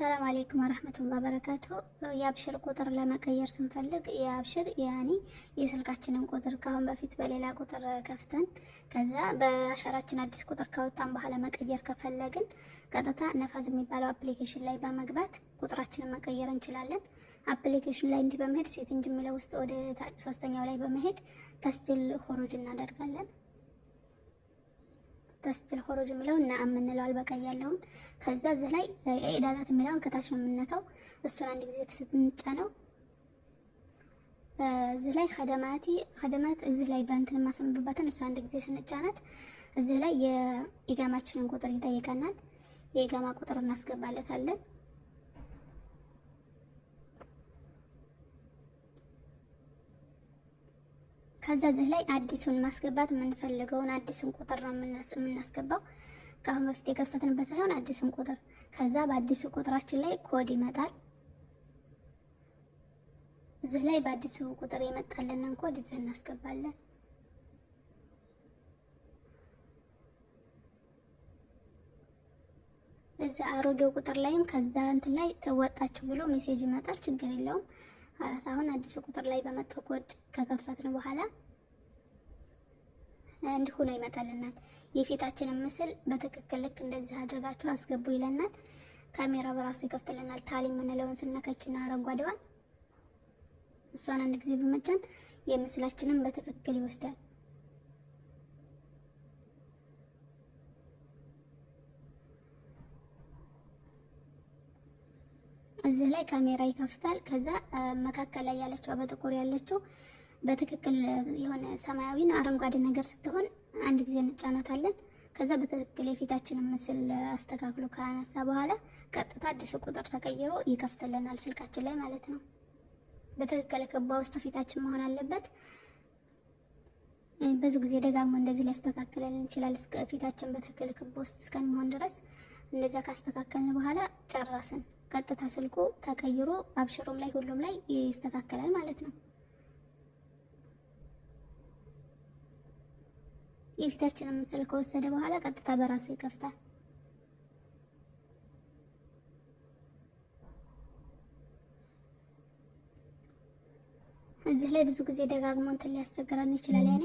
ሰላም አሌይኩም ወረህመቱላህ በረካቱ። የአብሽር ቁጥር ለመቀየር ስንፈልግ የአብሽር ያኒ የስልካችንን ቁጥር ካሁን በፊት በሌላ ቁጥር ከፍተን ከዛ በአሻራችን አዲስ ቁጥር ካወጣን በኋላ መቀየር ከፈለግን ቀጥታ ነፋዝ የሚባለው አፕሊኬሽን ላይ በመግባት ቁጥራችንን መቀየር እንችላለን። አፕሊኬሽን ላይ እንዲህ በመሄድ ሴቲንግ የሚለው ውስጥ ወደ ሶስተኛው ላይ በመሄድ ተስጅል ሁሩጅ እናደርጋለን። ተስጅል ሆሮጅ የሚለውን ነአም እንለዋል በቃ ያለውን። ከዛ እዚህ ላይ ኢዳዛት የሚለውን ከታች ነው የምንነካው። እሱን አንድ ጊዜ ነው እዚህ ላይ ከደማቲ ከደማት እዚህ ላይ በእንትን የማሰምብበትን እሱ አንድ ጊዜ ስንጫናት እዚህ ላይ የኢጋማችንን ቁጥር ይጠይቀናል። የኢጋማ ቁጥር እናስገባለታለን። ከዛ እዚህ ላይ አዲሱን ማስገባት የምንፈልገውን አዲሱን ቁጥር ነው የምናስገባው። ከአሁን በፊት የከፈትንበት ሳይሆን አዲሱን ቁጥር። ከዛ በአዲሱ ቁጥራችን ላይ ኮድ ይመጣል። እዚህ ላይ በአዲሱ ቁጥር የመጣልንን ኮድ እዚህ እናስገባለን። እዚህ አሮጌው ቁጥር ላይም ከዛ እንትን ላይ ተወጣችሁ ብሎ ሜሴጅ ይመጣል። ችግር የለውም። አሁን አዲሱ ቁጥር ላይ በመጣው ኮድ ከከፈትን በኋላ እንዲህ ሆኖ ይመጣልናል። የፊታችንን ምስል በትክክል ልክ እንደዚህ አድርጋችሁ አስገቡ ይለናል። ካሜራ በራሱ ይከፍትልናል። ታሊ የምንለውን ስነከችና አረንጓዴዋን እሷን አንድ ጊዜ በመጫን የምስላችንን በትክክል ይወስዳል። እዚህ ላይ ካሜራ ይከፍታል። ከዛ መካከል ላይ ያለችው በጥቁር ያለችው በትክክል የሆነ ሰማያዊን አረንጓዴ ነገር ስትሆን አንድ ጊዜ እንጫናታለን። ከዛ በትክክል የፊታችንን ምስል አስተካክሎ ካነሳ በኋላ ቀጥታ አዲሱ ቁጥር ተቀይሮ ይከፍትልናል ስልካችን ላይ ማለት ነው። በትክክል ክባ ውስጥ ፊታችን መሆን አለበት። ብዙ ጊዜ ደጋግሞ እንደዚህ ሊያስተካክለን ይችላል። ፊታችን በትክክል ክባ ውስጥ እስከሚሆን ድረስ እንደዚያ ካስተካከልን በኋላ ጨረስን። ቀጥታ ስልኩ ተቀይሮ አብሽሩም ላይ ሁሉም ላይ ይስተካከላል ማለት ነው። የፊታችንን ምስል ከወሰደ በኋላ ቀጥታ በራሱ ይከፍታል። እዚህ ላይ ብዙ ጊዜ ደጋግሞ እንትን ሊያስቸግረን ይችላል ያኔ